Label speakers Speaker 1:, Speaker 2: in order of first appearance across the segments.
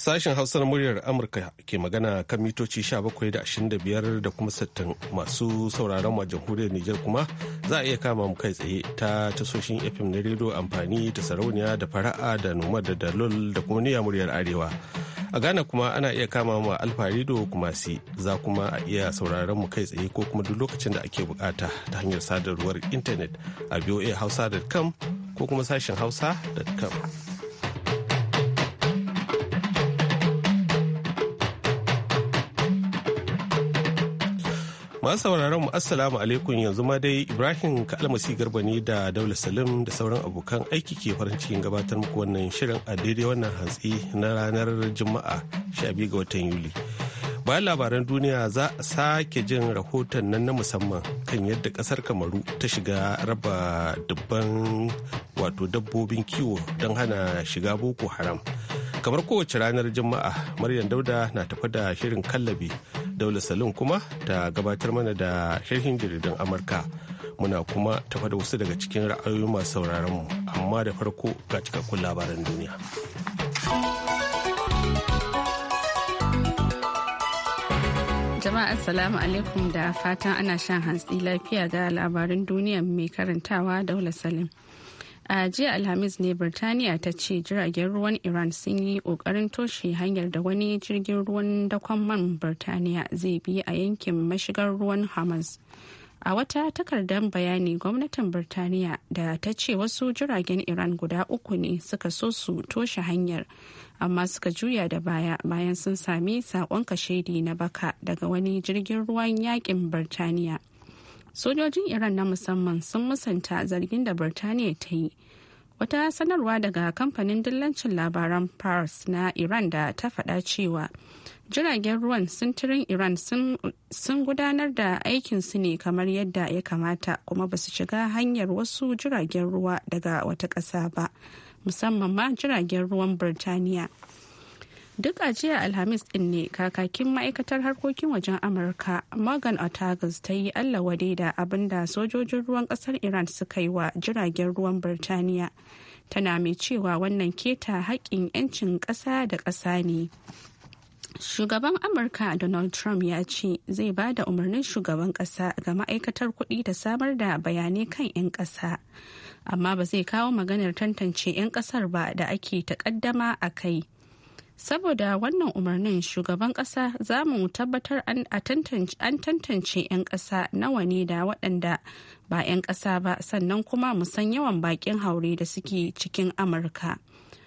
Speaker 1: Sashen Hausar muryar Amurka ke magana kan mitoci 17.25 da kuma 60 masu sauraron wa jamhuriyar Nijar kuma za a iya kama mu kai tsaye ta tasoshin FM na rediyo amfani ta sarauniya da fara'a da noma da dalol da kuma niya muryar Arewa. A Ghana kuma ana iya kama mu Alfa Rido kuma si za kuma a iya sauraron mu kai tsaye ko kuma duk lokacin da ake bukata ta hanyar sadarwar intanet a voahausa.com ko kuma sashen hausa.com. masu sauraron mu assalamu alaikum yanzu ma dai ibrahim kalmasi garba ne da daula salim da sauran abokan aiki ke farin cikin gabatar muku wannan shirin a daidai wannan hantsi na ranar juma'a 12 ga watan yuli bayan labaran duniya za a sake jin rahoton nan na musamman kan yadda kasar kamaru ta shiga raba dubban wato dabbobin kiwo don hana shiga boko haram kamar kowace ranar juma'a maryam dauda na tafa da shirin kallabi Daula Salim kuma ta gabatar mana da sharhin jaridun Amurka. Muna kuma tafa da wasu daga cikin ra'ayoyin masu sauraron mu amma da farko ga cikakkun labaran duniya.
Speaker 2: Jama'a Assalamu alaikum da fatan ana shan hantsi lafiya ga labarin duniya mai karantawa Daula Salim. a jiya alhamis ne birtaniya ta ce jiragen ruwan iran sun yi kokarin toshe hanyar da wani jirgin ruwan dakon man birtaniya zai bi a yankin mashigar ruwan hamas a wata takardar bayani gwamnatin birtaniya da ta ce wasu jiragen iran guda uku ne suka so su toshe hanyar amma suka juya da baya bayan sun sami saƙon kashedi na baka daga wani jirgin ruwan yakin birtaniya sojojin iran na musamman sun musanta zargin da birtaniya ta yi wata sanarwa daga kamfanin dillancin labaran pars na iran da ta faɗa cewa jiragen ruwan sintirin iran sun gudanar da aikinsu ne kamar yadda ya kamata kuma ba su shiga hanyar wasu jiragen ruwa daga wata ƙasa ba musamman ma jiragen ruwan birtaniya duk a jiya alhamis din ne kakakin ma'aikatar harkokin wajen amurka morgan otagas ta yi allah wade da abin da sojojin ruwan kasar iran suka yi wa jiragen ruwan birtaniya tana mai cewa wannan keta haƙƙin 'yancin ƙasa da ƙasa ne shugaban amurka donald trump ya ce zai ba da umarnin shugaban ƙasa ga ma'aikatar kuɗi da samar da bayanai kan 'yan ƙasa amma ba zai kawo maganar tantance 'yan ƙasar ba da ake takaddama a kai saboda wannan umarnin shugaban kasa za mu tabbatar an tantance 'yan kasa nawa ne da waɗanda ba 'yan kasa ba sannan kuma mu san yawan bakin haure da suke cikin amurka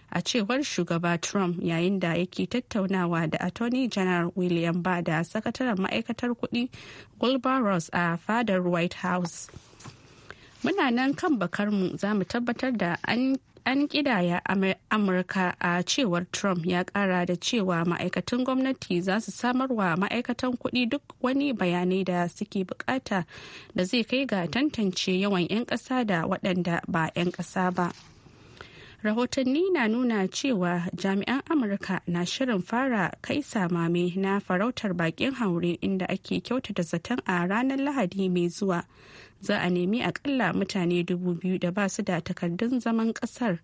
Speaker 2: a cewar shugaba trump yayin da yake tattaunawa da attorney general william ba da sakataren ma'aikatar kudi wilbur ross a fadar white house muna nan kan bakarmu za mu tabbatar da an an kidaya amurka a cewar trump ya kara da cewa ma'aikatan gwamnati za su samarwa ma'aikatan kuɗi duk wani bayanai da suke bukata da zai kai ga tantance yawan 'yan ƙasa da waɗanda ba 'yan ƙasa ba rahotanni na nuna cewa jami'an amurka na shirin fara kai samame na farautar bakin haure inda ake kyautata zaton a ranar lahadi mai zuwa za a nemi akalla mutane dubu biyu da ba su da takardun zaman kasar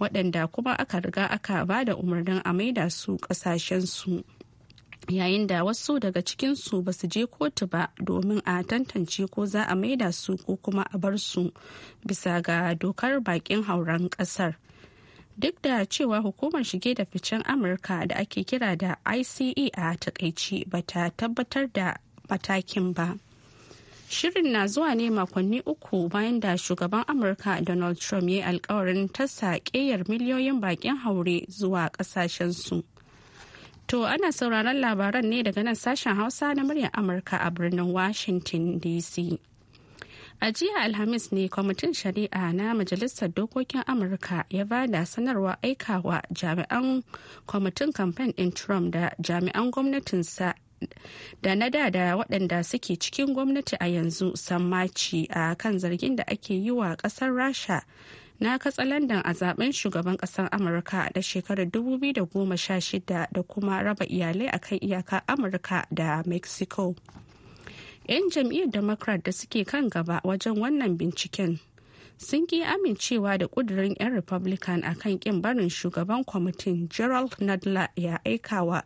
Speaker 2: waɗanda kuma aka riga aka ba da umarnin a maida su ƙasashensu yayin da wasu daga cikinsu ba su je kotu ba domin a tantance ko za a maida su ko kuma a bar su bisa ga dokar bakin hauren ƙasar duk da cewa hukumar shige da ficen amurka da ake kira da ice a takaici ba ta tabbatar da matakin ba. Shirin na zuwa ne makonni uku bayan da shugaban Amurka Donald Trump ya yi alkawarin tasa ƙeyar miliyoyin baƙin haure zuwa su To ana sauraron labaran ne daga nan sashen Hausa na muryar Amurka a birnin Washington DC. A jiya Alhamis ne kwamitin shari'a na Majalisar Dokokin Amurka ya ba da sanarwa aikawa jami'an kwamitin kamfen ɗin Trump da jami'an gwamnatinsa da na da da waɗanda suke cikin gwamnati a yanzu sammaci a kan zargin da ake yi wa ƙasar rasha na katsa katsalandan a zaben shugaban ƙasar amurka da shekarar 2016 da kuma raba iyalai a kan iyaka amurka da mexico 'yan jam'iyyar democrat da suke kan gaba wajen wannan binciken sun ki amincewa da kudirin 'yan republican a kan kin barin shugaban kwamitin gerald nadler ya aikawa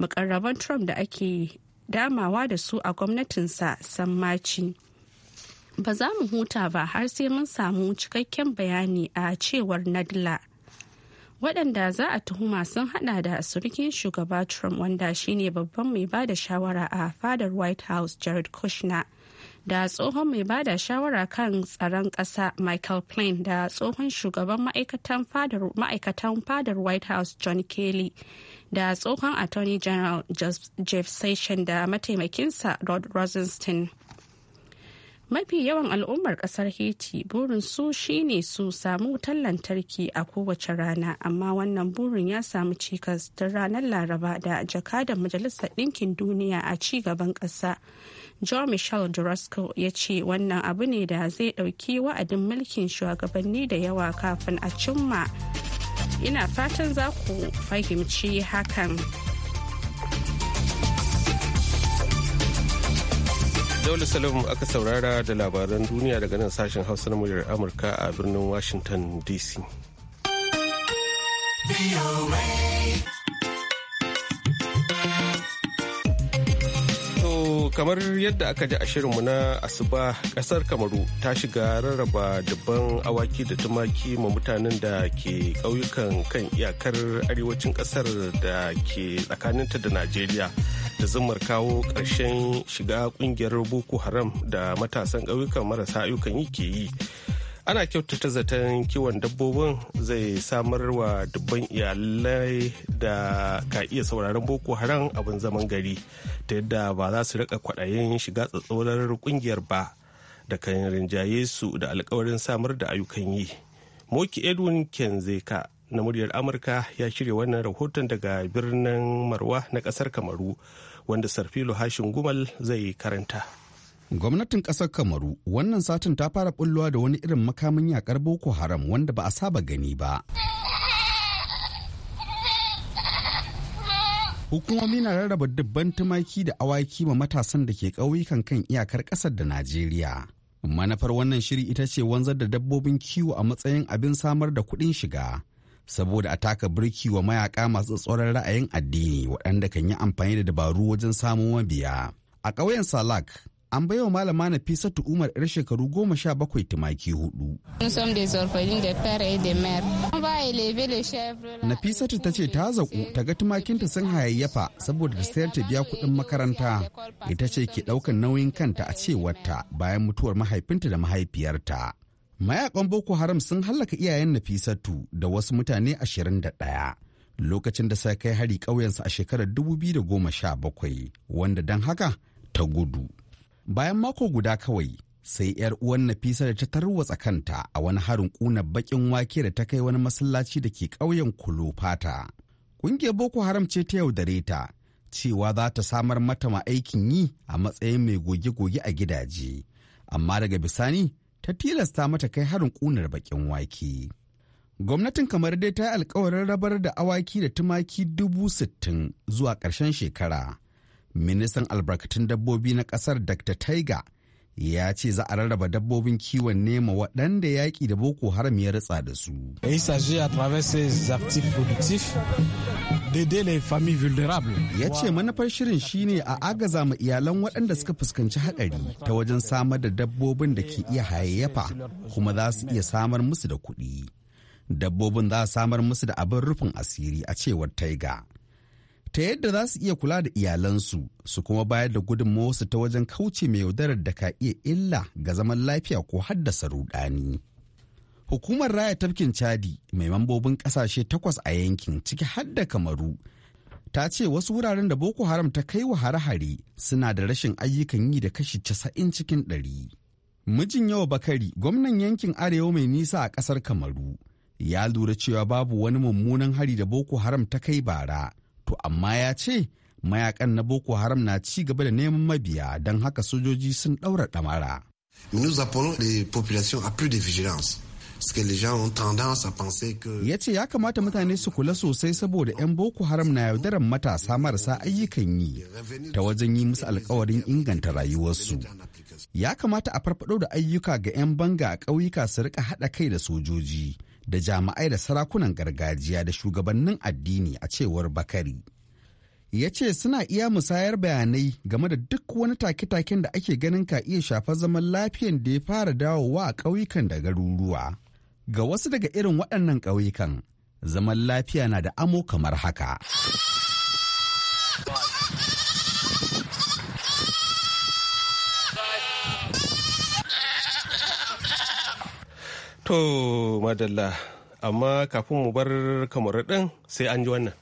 Speaker 2: makarraban trump da ake damawa da su a gwamnatinsa sammaci ba za mu huta ba har sai mun samu cikakken bayani a cewar nadler waɗanda za a tuhuma sun hada da surukin shugaba trump wanda shine babban mai ba da shawara a fadar white house jared kushner da tsohon mai bada shawara kan tsaron ƙasa michael plain da tsohon shugaban ma'aikatan fadar white house john kelly da tsohon attorney general jeff session da mataimakinsa rod rosenstein mafi yawan al'ummar kasar haiti burin su shine su samu wutar lantarki a kowace rana amma wannan burin ya samu cikas tun ranar laraba da jakadan majalisar ɗinkin duniya a ci gaban ƙasa john michel durasco ya ce wannan abu ne da zai ɗauki wa'adin mulkin shugabanni da yawa kafin a cimma ina fatan za ku fahimci hakan
Speaker 1: Daula Salam aka saurara da labaran duniya daga nan sashen Hausa na muryar Amurka a birnin Washington DC. kamar yadda aka ji a mu na asuba kasar kamaru ta shiga rarraba dabban awaki da tumaki ma mutanen da ke ƙauyukan kan iyakar arewacin kasar da ke tsakaninta da najeriya da zumar kawo ƙarshen shiga ƙungiyar boko haram da matasan ƙauyukan marasa ayyukan yi ke yi ana kyautata zaton kiwon dabbobin zai samar wa dubban iyalai da ka iya sauraron boko haram abin zaman gari ta yadda ba za su rika kwaɗayin shiga tsatsaurar ƙungiyar ba da kan rinjaye su da alkawarin samar da ayyukan yi moki edwin kenzeka na muryar amurka ya shirya wannan rahoton daga birnin marwa na kasar kamaru wanda sarfilo hashin gumal zai karanta
Speaker 3: gwamnatin ƙasar kamaru wannan satin ta fara bullowa da wani irin makamin yakar boko haram wanda ba a saba gani ba hukumomi na rarraba dubban tumaki da awaki ma matasan da ke ƙauyukan kan iyakar ƙasar da najeriya Manafar wannan shiri ita ce wanzar da dabbobin kiwo a matsayin abin samar da kuɗin shiga saboda a taka birki wa mayaka masu tsoron ra'ayin addini waɗanda kan yi amfani da dabaru wajen samun mabiya. A ƙauyen Salak, an bai wa malama na fisa Umar 'yar shekaru goma sha bakwai tumaki hudu. Nafisatu ta ce ta zaƙu ta ga tumakinta sun hayayyafa saboda ta sayar ta biya kuɗin makaranta. Ita ce ke ɗaukan nauyin kanta a cewarta bayan mutuwar mahaifinta da mahaifiyarta. mayakan boko haram sun hallaka iyayen nafisatu da wasu mutane 21 lokacin da sai kai hari ƙauyensa a shekarar 2017 wanda don haka ta gudu bayan mako guda kawai sai 'yar uwan nafisa da ta tarwatsa kanta a wani harin ƙuna bakin wake da ta kai wani masallaci da ke ƙauyen kulofata ƙungiyar boko haram ce ta yaudare ta cewa za ta samar mata ma aikin yi a matsayin mai goge-goge a gidaje amma daga bisani ta tilasta mata kai harin ƙunar baƙin wake. Gwamnatin kamar dai ta yi alkawarin rabar da awaki da tumaki dubu sittin zuwa ƙarshen shekara. Ministan albarkatun dabbobi na ƙasar Dr. Taiga ya ce za a rarraba dabbobin kiwon nema waɗanda yaƙi da boko haram ya ritsa da su. Ya ce manufar shirin shine a agaza ma iyalan waɗanda suka fuskanci haɗari ta wajen samar da dabbobin da ke iya hayayyafa kuma za su iya samar musu da kuɗi. Dabbobin za a samar musu da abin rufin asiri a cewar taiga. ta yadda za su iya kula da iyalansu su kuma bayar da su ta wajen kauce mai yaudarar da ka iya illa ga zaman lafiya ko haddasa rudani. Hukumar raya tafkin Chadi mai mambobin kasashe takwas a yankin ciki har da Kamaru ta ce wasu wuraren da Boko Haram ta kai wa hare-hare suna da rashin ayyukan yi da kashi casa'in cikin ɗari. Mijin yawa Bakari gwamnan yankin Arewa mai nisa a ƙasar Kamaru ya lura cewa babu wani mummunan hari da Boko Haram ta kai bara to amma ya ce mayakan na boko haram na ci gaba da neman mabiya don haka sojoji sun ɗaura ɗamara. Nous appelons les populations à plus ya ce ya kamata mutane su kula sosai saboda 'yan boko haram na yaudarar matasa marasa ayyukan yi ta wajen yi musu alkawarin inganta rayuwarsu ya kamata a farfado da ayyuka ga 'yan banga a ƙauyuka su rika haɗa kai da sojoji da jami'ai da sarakunan gargajiya da shugabannin addini a cewar bakari ya ce suna iya musayar bayanai game da duk wani take-taken da ake ganin ka iya shafa zaman lafiyan da ya fara dawowa a ƙauyukan da garuruwa ga wasu daga irin waɗannan ƙauyukan zaman lafiya na da amo kamar haka
Speaker 1: To, madalla, amma kafin mu bar kamar ɗin sai an ji wannan.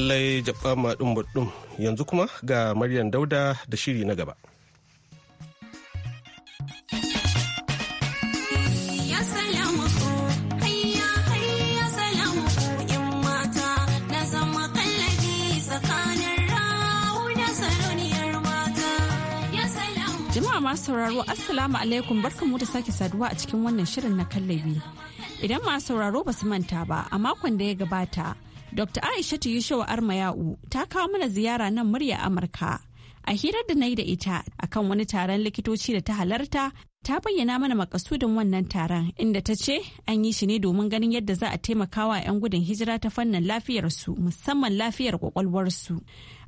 Speaker 1: lallai jaba maɗin baɗin yanzu kuma ga Maryam Dauda da shiri na gaba.
Speaker 4: Jama'a masu sauraro Assalamu alaikum barkanmu da sake saduwa a cikin wannan shirin na kallabi. Idan masu sauraro ba su manta ba a makon da ya gabata Dr. Aishatu Yushewa Armayau ta kawo mana ziyara nan murya Amurka. A hirar da na yi da ita akan wani taron likitoci da ta halarta ta bayyana mana makasudin wannan taron inda ta ce an yi shi ne domin ganin yadda za a taimaka wa 'yan gudun hijira ta fannin lafiyarsu musamman lafiyar kwakwalwarsu.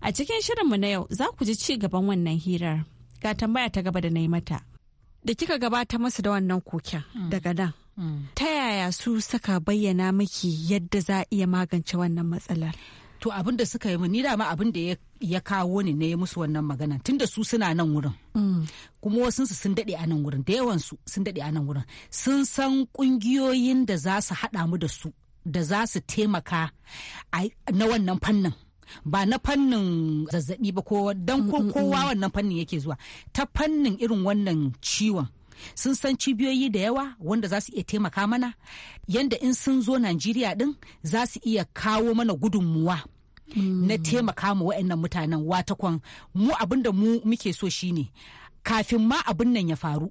Speaker 4: A cikin shirinmu na yau za ku ji ci gaban wannan hirar. Ga tambaya ta gaba da na yi mata. Da kika gabata masu da wannan koken hmm. daga nan
Speaker 5: ta yaya su saka bayyana miki yadda za a iya magance wannan matsalar to abin da suka yi ni dama abin da ya kawo ni ne musu wannan magana tunda su suna nan wurin mm. kuma wasu sun dade a nan wurin da yawan su sun dade a nan wurin sun san kungiyoyin da za su hada mu da su da za su taimaka na wannan fannin ba na fannin zazzabi ba ko dan mm, mm, kowa wannan fannin yake zuwa ta fannin irin wannan ciwon sun san cibiyoyi da yawa wanda za su iya taimaka mana yanda in sun zo najeriya din za su iya kawo mana gudunmuwa na taimaka ma wa'annan mutanen watakon mu abinda da mu muke so shine kafin ma abin nan ya faru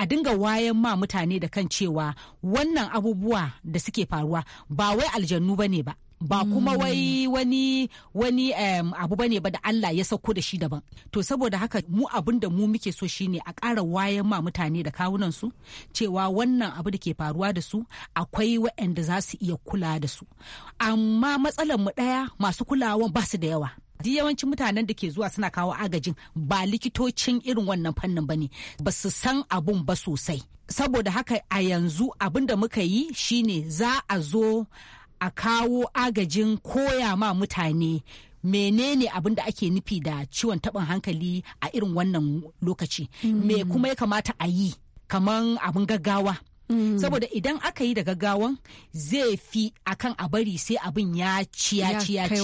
Speaker 5: a dinga wayan ma mutane da kan cewa wannan abubuwa da suke faruwa ba wai aljannu ba ne ba ba kuma hmm. wai wani wani abu bane ba da Allah ya sauko da shi daban to saboda haka mu abin da mu muke so shine a ƙara wayan ma mutane da kawunan su cewa wannan abu da ke faruwa da su akwai waɗanda za su iya kula da su amma matsalar mu ɗaya masu kulawan ba su da yawa Di yawancin mutanen da ke zuwa suna kawo agajin ba likitocin irin wannan fannin bane ba su san abun ba sosai saboda haka a yanzu abin da muka yi shine za a zo a kawo agajin koya ma mutane menene abin da ake nufi da ciwon taɓin hankali a irin wannan lokaci me mm. kuma ya kamata a yi kaman abin gaggawa mm. saboda idan aka yi da gaggawan zai fi akan a bari sai abin ya ci ya ya kai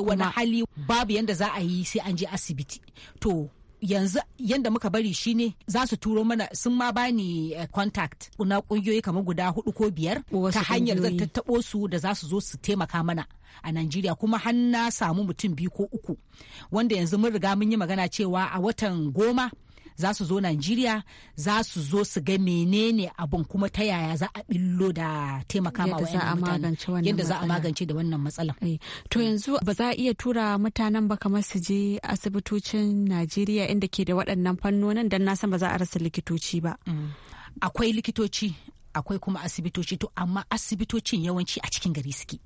Speaker 5: wani hali babu yadda za a yi sai an je asibiti to yanzu yadda muka bari shi ne. za su turo mana sun ma bani eh, contact na kungiyoyi kamar guda hudu ko biyar ta hanyar zan tattabo su da za su zo su taimaka mana a Najeriya kuma har na samu mutum biyu ko uku wanda yanzu mun riga mun yi magana cewa a watan goma za su zo Najeriya za su zo su ga menene abun kuma ta yaya za a billo da taimaka ma mutane yadda za a magance da wannan matsala. Eh,
Speaker 4: to yanzu ba za a iya tura mutanen ba kamar su je asibitocin Najeriya inda ke
Speaker 5: da waɗannan fannonin don na san ba za a rasa likitoci ba. Mm. Akwai likitoci akwai kuma asibitoci to amma asibitocin yawanci a cikin gari suke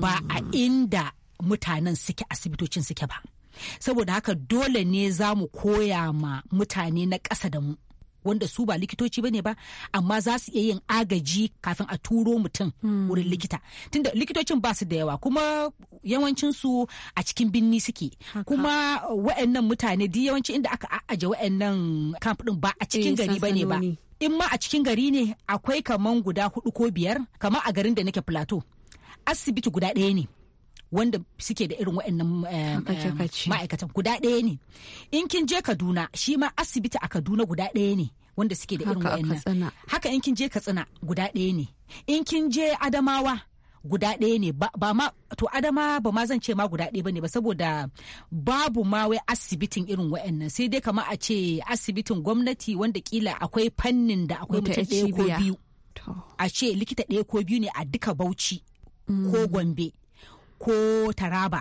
Speaker 5: ba a mm. inda mutanen suke asibitocin suke ba. saboda haka dole ne za mu koya ma mutane na ƙasa da mu wanda su ba likitoci bane ba amma za su iya yin agaji kafin a turo mutum hmm. wurin likita tunda likitocin ba su da yawa kuma yawancinsu su a cikin binni suke kuma wa'annan mutane di yawanci inda aka aje wa'annan kamp din ba a cikin eh, gari bane ba in ma a cikin gari ne akwai kaman guda hudu ko biyar kamar a garin da nake plateau asibiti guda ɗaya ne wanda suke da irin waɗannan eh, eh, ma'aikatan guda ɗaya ne in kin je kaduna shi ma asibiti a kaduna guda ɗaya ne wanda suke da irin waɗannan haka in kin je katsina guda ɗaya ne in kin je adamawa guda ɗaya ne ba ma to adama ba ma zan ce ma guda ɗaya bane ba saboda babu ma wai asibitin irin wa'annan sai dai kama a ce asibitin gwamnati wanda kila akwai fannin da akwai mutum ɗaya ko biyu a ce likita ɗaya ko biyu ne a duka bauchi ko mm. gombe ko taraba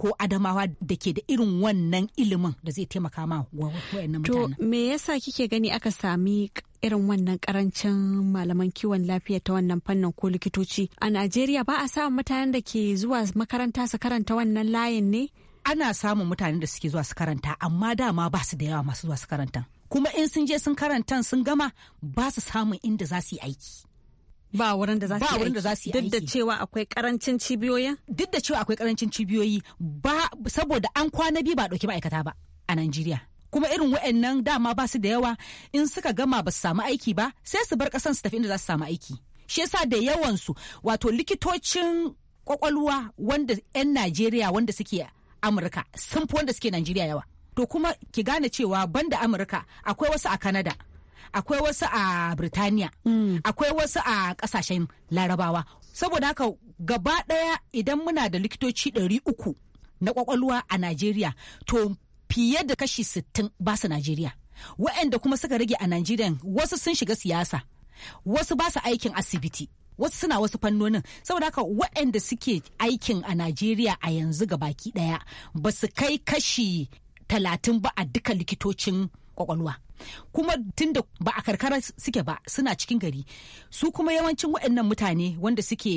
Speaker 5: ko adamawa da ke da irin wannan ilimin da zai taimaka ma wayannan mutanen. To
Speaker 4: me yasa kike gani aka sami irin wannan karancin malaman kiwon lafiya ta wannan fannin ko likitoci a Najeriya ba a samun mutanen da ke zuwa makaranta
Speaker 5: su karanta wannan layin ne? Ana samun mutanen da suke zuwa su karanta amma dama ba su da yawa masu zuwa su karanta. Kuma in sun je sun karanta sun gama ba su samun inda za su yi aiki. ba wurin da za su wurin da za su yi aiki duk da cewa akwai karancin cibiyoyi. duk da cewa akwai karancin cibiyoyi ba saboda an kwana biyu ba dauki ma'aikata ba a Najeriya kuma irin wa'annan dama ba su da yawa in suka gama ba su samu aiki ba sai su bar kasan su tafi inda za su samu aiki shi yasa da yawansu wato likitocin kwakwalwa wanda 'yan Najeriya wanda suke Amurka sun fi wanda suke Najeriya yawa to kuma ki gane cewa banda Amurka akwai wasu a Canada akwai wasu a Birtaniya mm. akwai wasu a kasashen larabawa saboda haka gaba ɗaya idan muna da likitoci ɗari uku na ƙwaƙwalwa a Najeriya to fiye da kashi sittin ba su Najeriya waɗanda kuma suka rage a Najeriya wasu sun shiga siyasa wasu ba su aikin asibiti wasu suna wasu fannonin saboda haka waɗanda suke aikin a najeriya a yanzu ga baki ɗaya ba su kai kashi talatin ba a duka likitocin kwakwalwa kuma tunda ba a karkara suke ba suna cikin gari su kuma yawancin waɗannan mutane wanda suke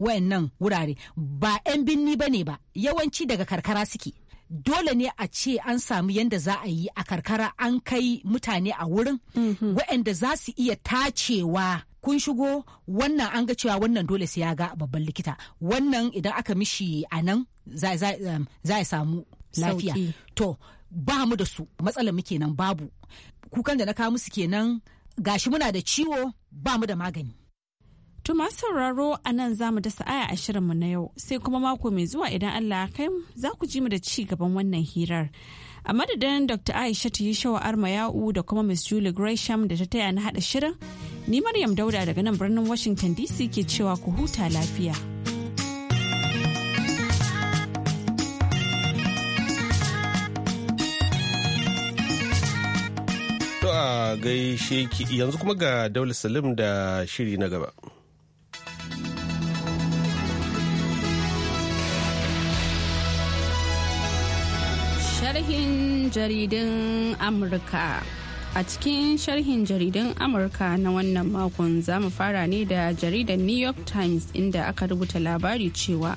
Speaker 5: waɗannan wurare ba 'yan binni ba ne ba yawanci daga karkara suke dole ne a ce an samu yadda za a yi a karkara an kai mutane a wurin mhm. waɗanda za su iya tacewa kun shigo wannan an ga cewa wannan dole sai ya ga babban likita wannan idan aka mishi a nan za ya samu lafiya to ba mu da su matsalar mu kenan babu kukan da na kawo musu kenan gashi muna da ciwo ba mu da magani To masu sauraro a nan za mu dasa aya a shirin mu na yau sai kuma mako mai
Speaker 4: zuwa idan Allah kai za ku ji mu da ci gaban wannan hirar. A madadin Dr. Aisha Yishawa Arma Ya'u da kuma Miss Julie Gresham da ta taya na hada shirin, ni Maryam Dauda daga nan birnin Washington DC ke cewa ku huta lafiya.
Speaker 1: gaishe ki yanzu kuma ga Daula Salim da shiri na gaba.
Speaker 2: Sharhin jaridun Amurka A cikin sharhin jaridun Amurka na wannan makon za mu fara ne da jaridar New York Times inda aka rubuta labari cewa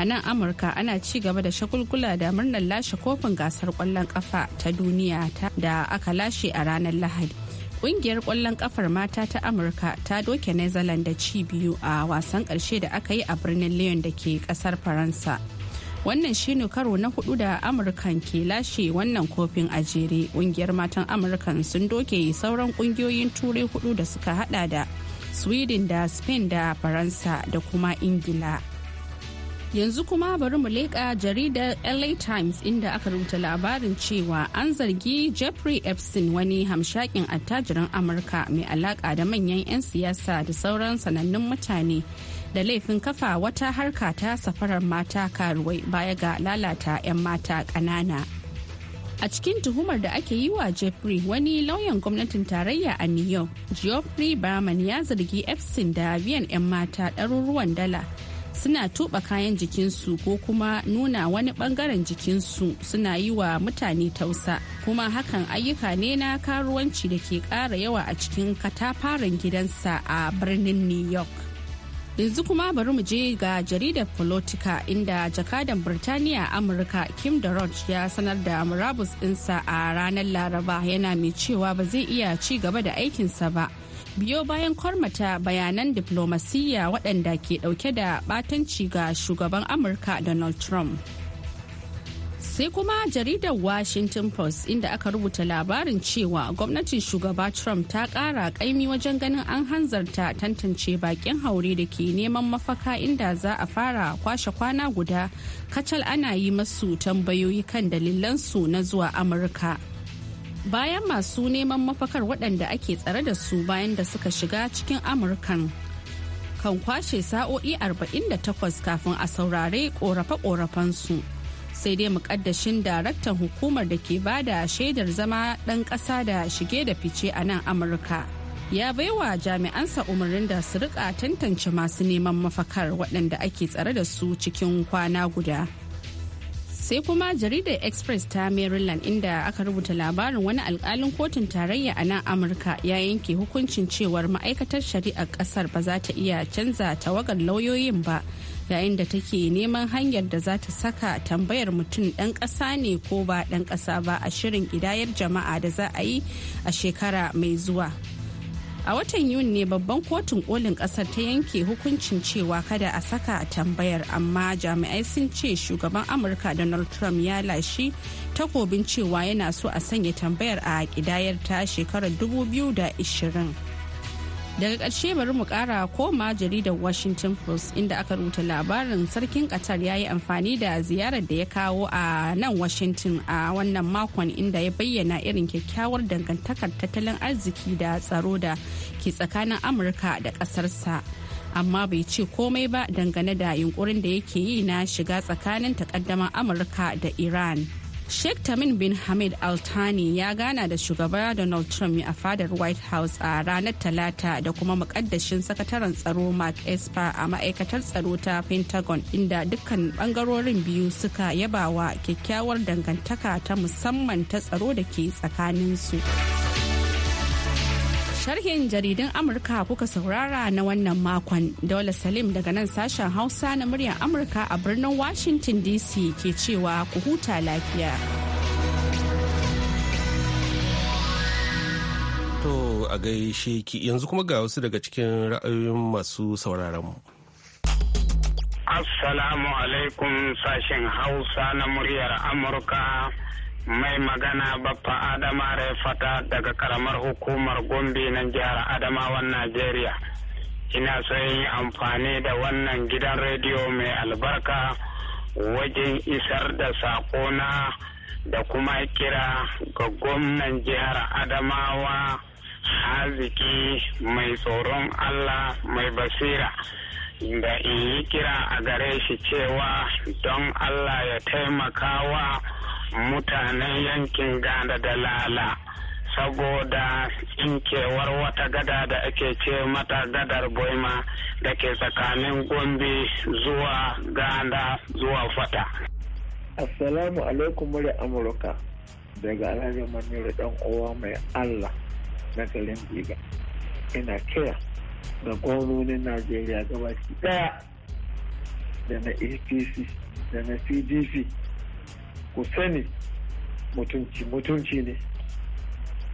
Speaker 2: a nan amurka ana ci gaba da shagulgula da murnar lashe kofin gasar kwallon kafa ta duniya da aka lashe a ranar lahadi kungiyar kwallon kafar mata ta amurka ta doke netherlands da ci biyu a wasan karshe da aka yi a birnin leon da ke kasar faransa wannan shine karo na hudu da amurkan ke lashe wannan kofin a jere kungiyar matan amurkan sun doke sauran kungiyoyin turai hudu da suka hada da sweden da spain da faransa da kuma ingila yanzu kuma bari mu leƙa jaridar la times inda aka rubuta labarin cewa an zargi jeffrey epstein wani hamshakin attajirin amurka mai alaƙa da manyan 'yan siyasa da sauran sanannun mutane da laifin kafa wata harka ta safarar mata karuwai baya ga lalata 'yan mata ƙanana a cikin tuhumar da ake yi wa jeffrey wani lauyan gwamnatin tarayya a new york geoffrey berman ya zargi epstein da biyan 'yan mata ɗaruruwan dala suna tuba kayan jikinsu ko kuma nuna wani ɓangaren jikinsu suna yi wa mutane tausa kuma hakan ayyuka ne na karuwanci da ke kara yawa a cikin katafaren gidansa a birnin new york yanzu kuma bari mu je ga jaridar politika inda jakadan birtaniya amurka kim da roch ya sanar da murabus ɗinsa a ranar laraba yana mai cewa ba zai iya ci gaba da aikinsa ba biyo bayan kwarmata bayanan diplomasiyya waɗanda ke ɗauke da ɓatanci ga shugaban amurka donald trump sai kuma jaridar washington post inda aka rubuta labarin cewa gwamnatin shugaba trump ta ƙara ƙaimi wajen ganin an hanzarta tantance bakin haure da ke neman mafaka inda za a fara kwashe kwana guda kacal ana yi masu tambayoyi kan dalilansu na zuwa amurka bayan masu neman mafakar waɗanda ake tsare da su bayan da suka shiga cikin amurkan kan kwashe sa'o'i 48 kafin a saurare korafe-korafensu sai dai muƙaddashin daraktan hukumar da ke ba da shaidar zama ɗan ƙasa da shige da fice a nan amurka ya bai baiwa jami'ansa umarnin da su rika tantance masu neman mafakar waɗanda ake tsare da su cikin kwana guda. sai kuma jaridar express ta maryland inda aka rubuta labarin wani alkalin kotun tarayya a nan amurka ya yanke hukuncin cewar ma'aikatar shari'ar kasar ba za ta iya canza tawagar lauyoyin ba yayin da take neman hanyar da za ta saka tambayar mutum ɗan ƙasa ne ko ba ɗan ƙasa ba a shirin ƙidayar jama'a da za a yi a shekara mai zuwa a watan yuni ne babban kotun kolin kasar ta yanke hukuncin cewa kada a saka tambayar amma jami'ai sun ce shugaban amurka donald trump ya lashe takobin cewa yana so a sanya tambayar a kidayar ta shekarar 2020 daga ƙarshe bari mu ƙara koma jaridar washington post inda aka rubuta labarin sarkin qatar ya yi amfani da ziyarar da ya kawo a nan washington a wannan makon inda ya bayyana irin kyakkyawar dangantakar tattalin arziki da tsaro da ke tsakanin amurka da ƙasarsa amma bai ce komai ba dangane da yunkurin da yake yi na shiga tsakanin takaddama amurka da iran Sheikh Tamim bin Hamid Al-Thani ya gana da shugaba Donald Trump a fadar White House a ranar Talata da kuma makaddashin sakataren tsaro Mark Esper a ma'aikatar tsaro ta Pentagon inda dukkan bangarorin biyu suka yabawa kyakkyawar dangantaka ta musamman ta tsaro da ke tsakanin su. Sharhin jaridun Amurka kuka saurara na wannan makon. dole Salim daga nan sashen Hausa na muryar Amurka a birnin Washington DC ke cewa ku huta lafiya.
Speaker 1: To a gaishe ki yanzu kuma ga wasu daga cikin ra'ayoyin masu sauraron mu.
Speaker 6: Assalamu alaikum sashen Hausa na muryar Amurka. mai magana baffa adama fata daga karamar hukumar gombe na jihar adamawan najeriya ina so yin amfani da wannan gidan rediyo mai albarka wajen isar da sakona da kuma kira ga gwamnan jihar adamawa haziki mai tsoron allah mai basira da in yi kira a gare shi cewa don allah ya taimakawa mutanen yankin gada da lala saboda tsinkewar wata gada da ake ce mata gadar boima da ke tsakanin gombe zuwa gada zuwa fata. assalamu alaikum murya amurka daga alhaji maniru dan uwa mai allah na garin biga ina kira ga gwamnonin najeriya gabaki daya da na apc da na pdp ku sani mutunci mutunci ne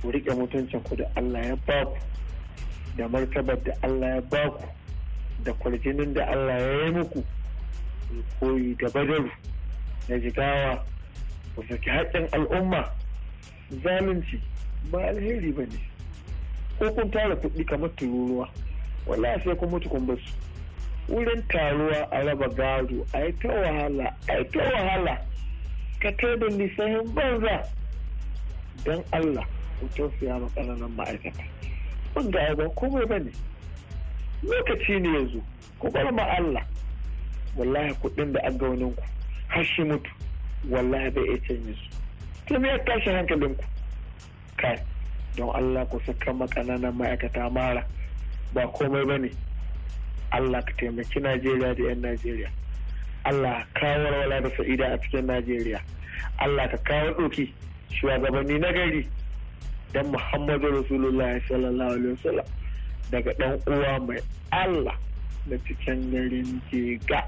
Speaker 6: ku riƙe mutuncin ku da Allah ya baku da martabar da Allah ya baku da kwarjinin da Allah ya yi muku koyi da badaru na jigawa ku saki haƙƙin al'umma zalunci ba alheri ba ne ko kun tara kuɗi kamar tururuwa wala sai kun mutu kun basu wurin taruwa a raba gado a yi ta wahala a yi ta wahala ka kai da banza don Allah ku tausaya ma ƙananan ma'aikata mun ga ba komai ba ne lokaci ne yanzu ku bar ma Allah wallahi kuɗin da an gaunin ku har shi mutu wallahi bai iya canye su to me ya tashi hankalin ku kai don Allah ku saka ma ƙananan ma'aikata mara ba komai ba ne Allah ka taimaki Najeriya da 'yan Najeriya Allah kawo walwala da sa'ida a cikin Najeriya Allah ka kawo ɗoki shugabanni na gari dan Muhammadu Rasulullah sallallahu alaihi wasallam daga ɗan uwa mai Allah da cikin garin Jega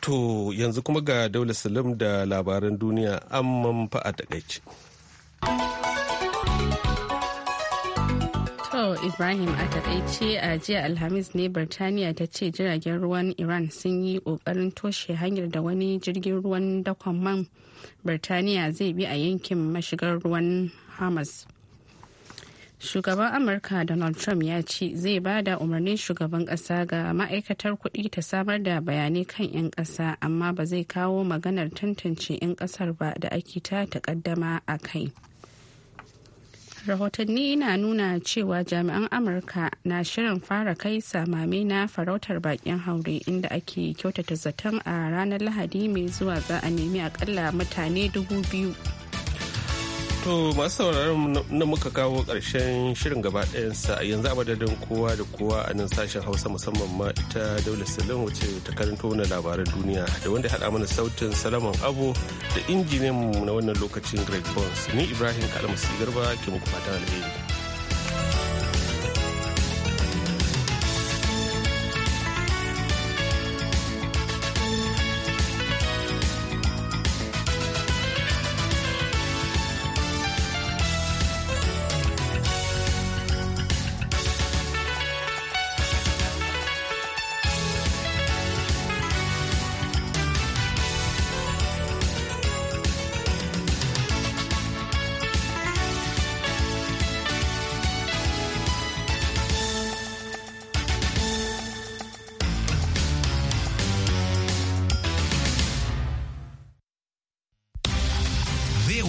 Speaker 1: To yanzu kuma ga Daula Salim da labaran duniya amman fa a takaice.
Speaker 2: To Ibrahim a takaice a jiya Alhamis ne Birtaniya ta ce jiragen ruwan Iran sun yi kokarin toshe hanyar da wani jirgin ruwan dakon man Birtaniya zai bi a yankin mashigar ruwan Hamas. Shugaban Amurka Donald Trump ya ce zai ba da umarnin shugaban ƙasa ga ma'aikatar kuɗi ta samar da bayanai kan 'yan ƙasa amma ba zai kawo maganar tantance 'yan ƙasar ba da ake ta takaddama a kai. rahotanni na nuna cewa jami'an amurka na shirin fara kai samame na farautar bakin haure inda ake kyautata zaton a ranar lahadi mai zuwa za a nemi akalla mutane dubu biyu.
Speaker 1: To masu sauraron na muka kawo ƙarshen shirin gaba ɗayansa yanzu a madadin kowa da kowa a nan sashen Hausa musamman ma ita Daula Salim wace ta karanto mana labaran duniya da wanda haɗa mana sautin Salaman Abu da injiniyan na wannan lokacin Greg Bones ni Ibrahim Kalmasi Garba ke muku fata alheri.